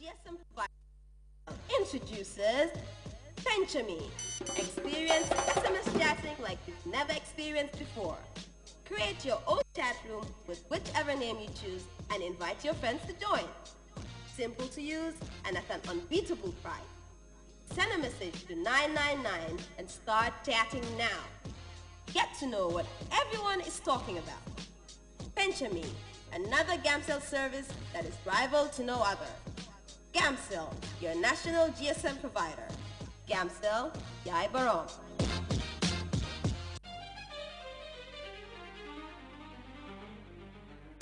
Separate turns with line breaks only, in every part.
GSM provider introduces Penchami. Experience SMS chatting like you've never experienced before. Create your own chat room with whichever name you choose and invite your friends to join. Simple to use and at an unbeatable price. Send a message to 999 and start chatting now. Get to know what everyone is talking about. Penchami, another Gamcell service that is rival to no other. Gamsil, your national GSM provider. Gamsil, Yai Barong.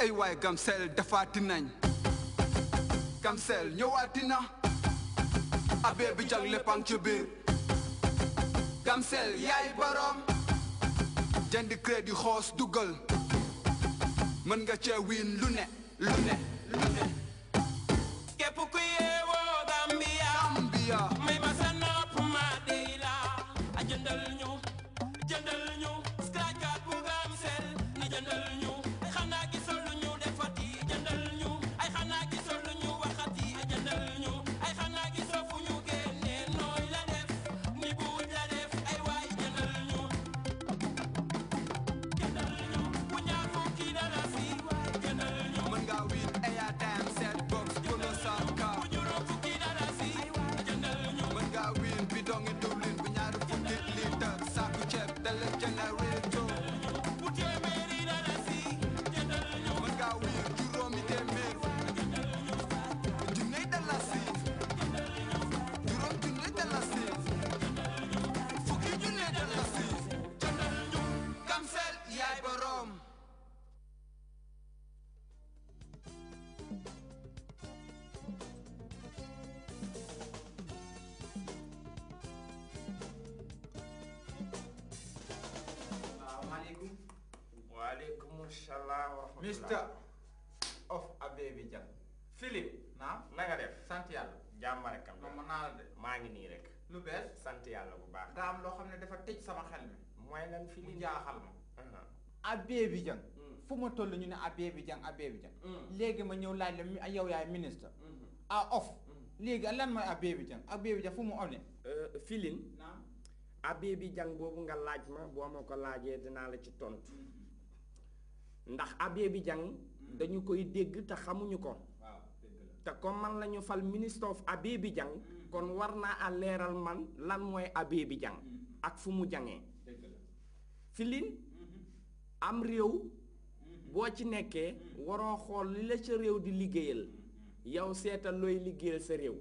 ay waay Dafatinan? dafaati nañ Gamcel ñëwaati na abee bi jag léppang ci biir Gamcel yaay boroom jënd crédit xoos dugal mën nga win, wiin lu ne inshallah wa rahmatullah mister of Abébédian Philippe naam na nga def sant yàlla jàmmare kam naa la de maa ngi nii rek lu bees sant yàlla bu baax daa am loo xam ne dafa tëj sama xel mi mooy lan fi mu jaaxal ma Abébédian hmm. fu ma toll ñu ne Abébédian Abébédian hmm. léegi ma ñëw laaj la yow yaay ministre hmm. a of léegi lan mooy Abébédian Abébédian fu mu one filin euh, Abébédian boobu nga laaj ma boo ma ko laajee dinaa la ci tontu ndax abbé bi jàng dañu koy dégg te xamuñu ko te comme man lañu fal ministre of bi jàng hmm. kon war naa a man lan mooy abbé bi jàng hmm. ak fu mu jàngee filin hmm. am réew boo ci nekkee waroo xool li la ca réew di liggéeyal yow seetal looy liggéeyal sa réew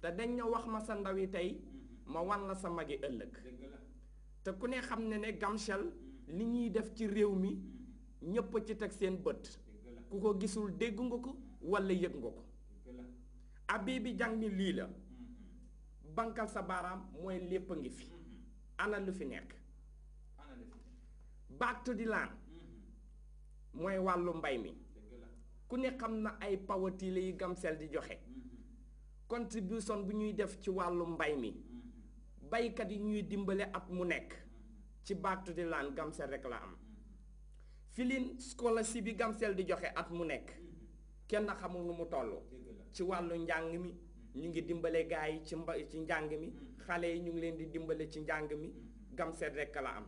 te dañ na wax ma sa ndaw yi tey ma wan la sa magi ëllëg te ku ne xam ne ne gamshal li ñuy def ci réew mi ñépp a ci teg seen bët ku ko gisul dégg nga ko walla yëg nga ko abbé bi jàng ni lii la bankal sa baaraam mooy lépp a ngi fi ana lu fi nekk baatu di laan mooy wàllu mbay mi ku ne xam na ay pawatile yi gamsel di joxe contribution bu ñuy def ci wàllu mbay mi baykat yi ñuy dimbale ak mu nekk ci baatu di laan gamsel rek la am filin scholarship bi Gamcel di joxe at mu nekk kenn xamul nu mu toll ci wàllu njàng mi ñu ngi dimbale gars yi ci mba ci njàng mi xale yi ñu ngi leen di dimbale ci njàng mi gamsel rek la am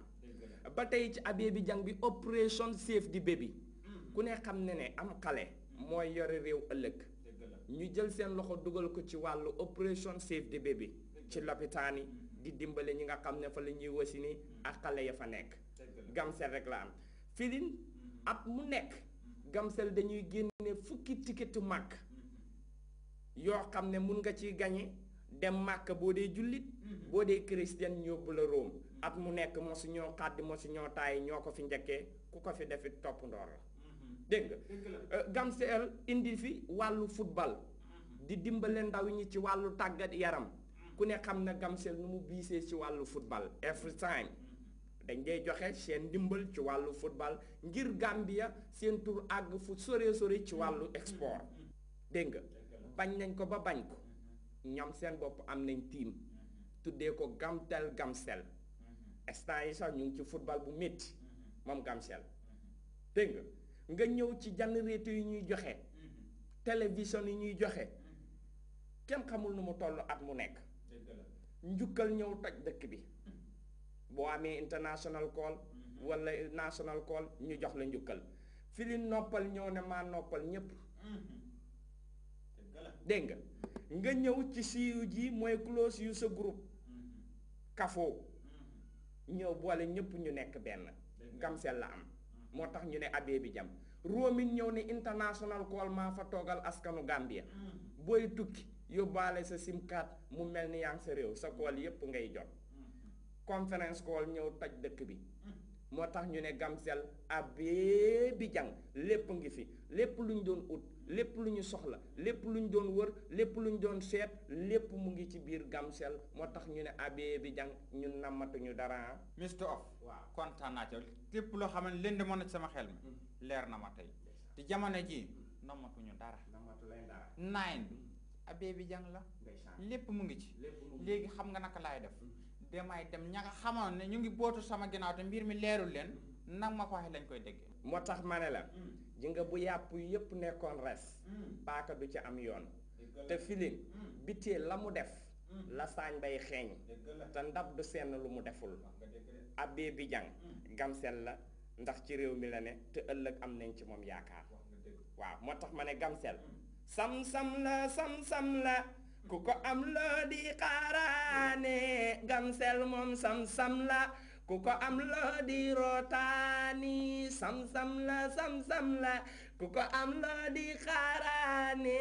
ba tey ci abee bi jàng bi opération Save the bi ku ne xam ne ne am xale mooy yore réew ëllëg ñu jël seen loxo dugal ko ci wàllu opération Save the bi ci lopitaan yi di dimbale ñi nga xam ne fa la ñuy wasi ni ak xale ya fa nekk Gamcel rek la am filin at mu nekk gamsel dañuy génne fukki tiketu màkk yoo xam ne mun nga ci gañe dem màkk boo dee jullit mhm. boo dee chrétien ñóbbu la Rome at mu nekk mosu ñoo xàddi mosu tàyyi ñoo ko fi njëkkee ku ko fi defit topp ndoor la mhm. dégg euh, gamsel indi fi wàllu football mhm. di dimbale ndaw ñi ci wàllu tàggat yaram ku ne xam na gamsel nu mu biisee ci wàllu football every time dañ dee joxe seen dimbal ci walu football ngir Gambia seen tour ag fu sore sore ci walu export deng nga bañ nañ ko ba bañ ko ñoom seen bop am nañ team tuddé ko Gamtel gamsel instant yi sax ñu ci football bu metti mom gamsel deng nga nga ñew ci reti yi ñuy joxe télévision yi ñuy joxe kenn xamul nu mu tollu at mu nekk njukkal ñew toj dëkk bi bo amé international call mhm. wala national call ñu jox la ñukkal fi li noppal ñëw ne maa noppal ñépp mhm. deng nga nga ñëw ci siiw ji moy close yu sa groupe mhm. kafoo ñëw boole ñépp ñu nekk gam sel la am motax ñu ne abé bi jam róomin ñew international call ma fa togal askanu Gambia boy tukki yobale sa card, mu melni yang sa rew sa call yep ngay jot conference call ñëw taj dekk bi hmm. motax ñu ne Gamcel abé bi jang lepp ngi fi lepp luñ doon ut lepp luñu soxla lepp luñ doon wër lepp luñ doon sét lepp mu ngi ci biir gamsel motax ñu ne abé bi jang ñun ñu dara ah. Mr Off wa content na ci lepp lo lende mo na sama xel mi hmm. leer na ma tay te jamono ji ñu dara nine hmm. abé bi jang la lepp mu ngi ci léegi xam nga naka lay def damay dem ña nga xamoon ne ñu ngi bootu sama ginnaaw te mbir mi leerul leen nag ma ko waxee lañ koy déggee. moo tax ma ne la. Mm. ji bu yàpp yëpp nekkoon res. Mm. paaka du ci am yoon. te filin mm. bitee la mu def. la saañ bay xeeñ. te ndab du seen lu mu deful. abbee bi jàng. gamsel la ndax ci réew mi la ne te ëllëg am nañ ci moom yaakaar. waaw moo tax ma ne gamsel. sam sam la sam sam la. ku ko am loo di xaaraane gamsel moom sam la ku ko am loo di rootaani sam-sam la sam-sam la ku ko am loo di xaaraane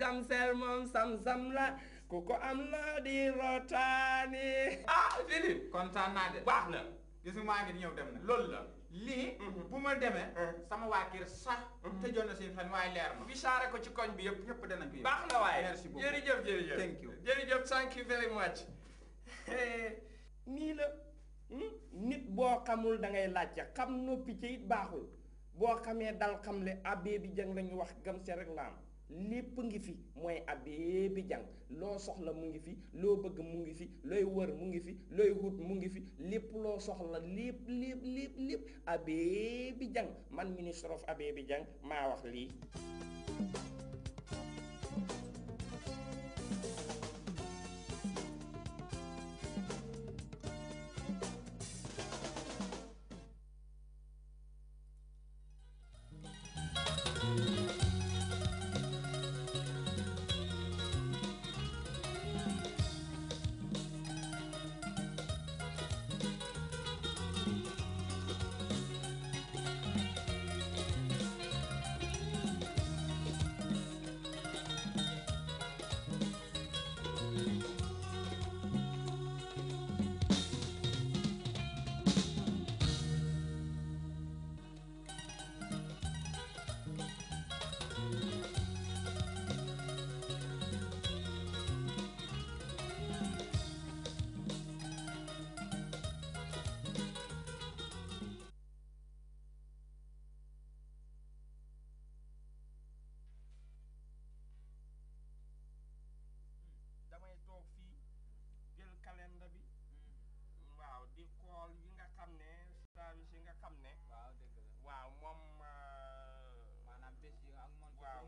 gamsel moom sam la ku ko am loo di rootaani ah Philippe kontaan naa de baax na gis nga maa ngi dem na loolu la lii mhm. bu ma demee mhm. sama waa kër sax mhm. tëjoon na seen fan waaye leer na ko ci koñ bi yëpp ñëpp danañ ko yëpp baax na waaye merci beaucoup jërëjëf jërëjëf thank you jërëjëf thank you very much nii la hmm? nit boo xamul da ngay laajte xam noppi ci it baaxul boo xamee dal xam le abbé bi jëng lañu wax gëm se rek la lépp ngi fi mooy abbé bi jàng loo soxla mu ngi fi loo bëgg mu ngi fi looy wër mu ngi fi looy wut mu ngi fi lépp loo soxla lépp lépp lépp lépp abbé bi jàng man ministre of abbé bi jàng maa wax lii ak man waaw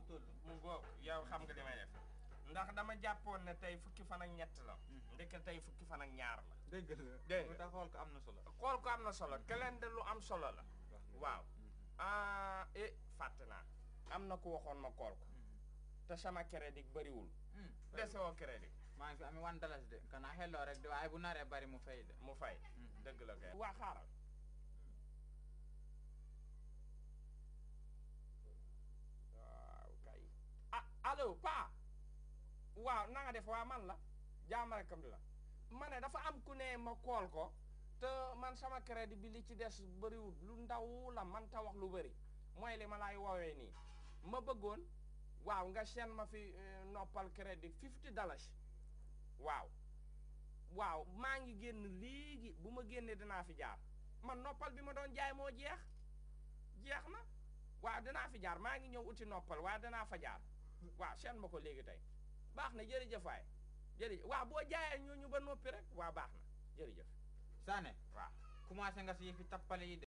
mu ngoog yow xam nga li may def ndax dama jàppoon na tey fukki fan ak ñett la hmm. ndekk tey fukki fan ak ñaar la dégg la dégg nga xool am na solo xool am na solo calendrier lu am solo la waaw hmm. ah eh naa am na ko waxoon ma koor ko hmm. te sama crédit bëriwul dese woo crédit maa ngi fi amee dalas de kanaa xelloo rek de waaye bu naree bari mu fay de mu fay dëgg la kay waa xaaral allo pa waaw na nga def wa man la jaam rek am la mané dafa am ku né ma kool ko te man sama crédit bi li ci bari bëriwul lu ndaw la man ta wax lu bari moy li ma laay woowee ni ma bëggoon waaw nga ma fi eh, nopal crédit 50 dollars waaw waaw mangi ngi genn léegi buma genné dana fi jaar man nopal bi ma doon jaay mo jeex jeex na waaw dana fi jaar ma ngi ñëw uti nopal waaw dana fa jaar waaw seen ma ko léegi tey baax na jërëjëf waay jërëjëf waaw boo jaayee ñu ba noppi rek waa baax na jërëjëf. Sané waaw commencé nga si fi tappale yi